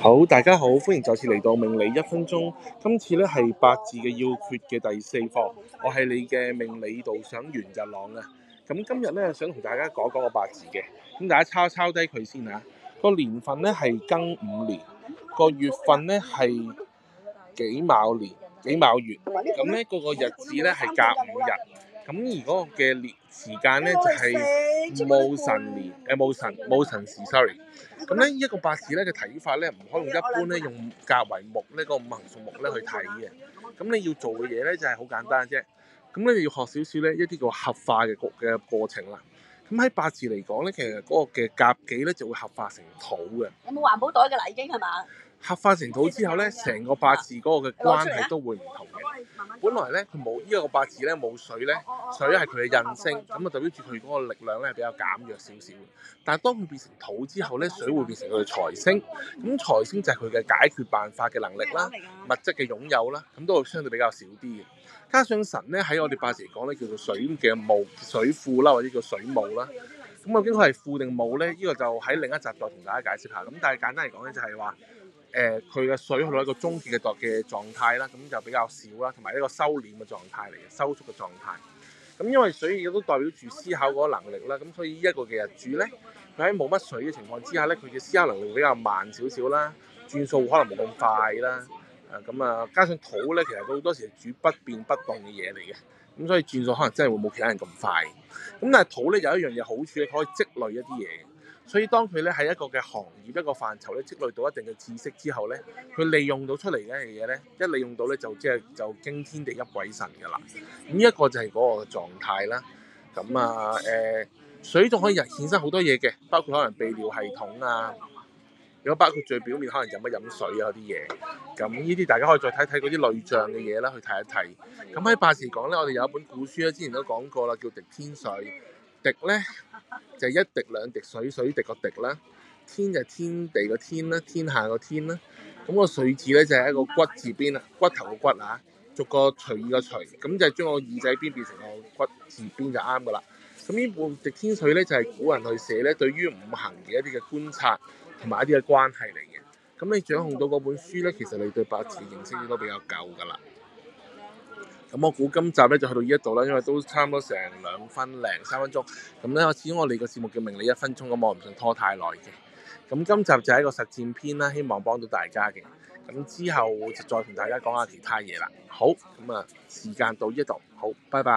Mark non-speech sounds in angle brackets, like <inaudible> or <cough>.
好，大家好，歡迎再次嚟到命理一分鐘。今次呢係八字嘅要訣嘅第四課，我係你嘅命理導賞袁日朗啊。咁今日呢，想同大家講講個八字嘅，咁大家抄抄低佢先吓、啊。個年份呢係庚午年，個月份呢係己卯年己卯月，咁呢個個日子呢係甲午日。咁而嗰個嘅年時間咧就係、是、戊 <music> 申年，誒戊申戊申時，Sorry。咁咧一個八字咧嘅睇法咧，唔可以用一般咧用甲為木呢，那個五行數木咧去睇嘅。咁你要做嘅嘢咧就係好簡單啫。咁咧要學少少咧一啲嘅合化嘅過嘅過程啦。咁喺八字嚟講咧，其實嗰個嘅甲己咧就會合化成土嘅。有冇環保袋嘅啦？已經係嘛？合化成土之後咧，成個八字嗰個嘅關係都會唔同嘅。本來咧佢冇呢個八字咧冇水咧，水係佢嘅印星，咁啊代表住佢嗰個力量咧係比較減弱少少。但係當佢變成土之後咧，水會變成佢嘅財星，咁財星就係佢嘅解決辦法嘅能力啦，物質嘅擁有啦，咁都會相對比較少啲嘅。加上神咧喺我哋八字嚟講咧叫做水嘅墓、水庫啦，或者叫水墓啦。咁究竟佢係庫定墓咧？呢個就喺另一集再同大家解釋下。咁但係簡單嚟講咧，就係話。誒，佢嘅、呃、水去到一個終結嘅度嘅狀態啦，咁就比較少啦，同埋一個收斂嘅狀態嚟嘅，收縮嘅狀態。咁因為水亦都代表住思考嗰個能力啦，咁所以一個嘅日主咧，佢喺冇乜水嘅情況之下咧，佢嘅思考能力比較慢少少啦，轉數可能冇咁快啦。啊，咁啊，加上土咧，其實好多時係煮不變不動嘅嘢嚟嘅，咁所以轉數可能真係會冇其他人咁快。咁但係土咧有一樣嘢好處咧，可以積累一啲嘢。所以當佢咧喺一個嘅行業一個範疇咧積累到一定嘅知識之後咧，佢利用到出嚟嘅嘢咧，一利用到咧就即係就驚天地泣鬼神㗎啦。咁、這、一個就係嗰個狀態啦。咁啊誒，水仲可以顯生好多嘢嘅，包括可能泌尿系統啊，如果包括最表面可能飲乜飲水啊啲嘢。咁呢啲大家可以再睇睇嗰啲類象嘅嘢啦，去睇一睇。咁喺八字講咧，我哋有一本古書咧，之前都講過啦，叫《滴天髓》。滴咧就係、一滴兩滴水，水滴個滴啦；天就天地個天啦，天下個天啦。咁、那個髓字咧就係、是、一個骨字邊啦，骨頭個骨啊，逐個隨意個隨，咁就將個耳仔邊變成個骨字邊就啱噶啦。咁呢部《滴天髓》咧就係、是、古人去寫咧，對於五行嘅一啲嘅觀察同埋一啲嘅關係嚟嘅。咁你掌控到嗰本書咧，其實你對八字嘅認識應該比較舊噶啦。咁我估今集咧就去到呢一度啦，因為都差唔多成兩分零三分鐘。咁咧，我始終我哋個節目叫命理一分鐘，咁我唔想拖太耐嘅。咁今集就係一個實戰篇啦，希望幫到大家嘅。咁之後就再同大家講下其他嘢啦。好，咁啊，時間到呢度，好，拜拜。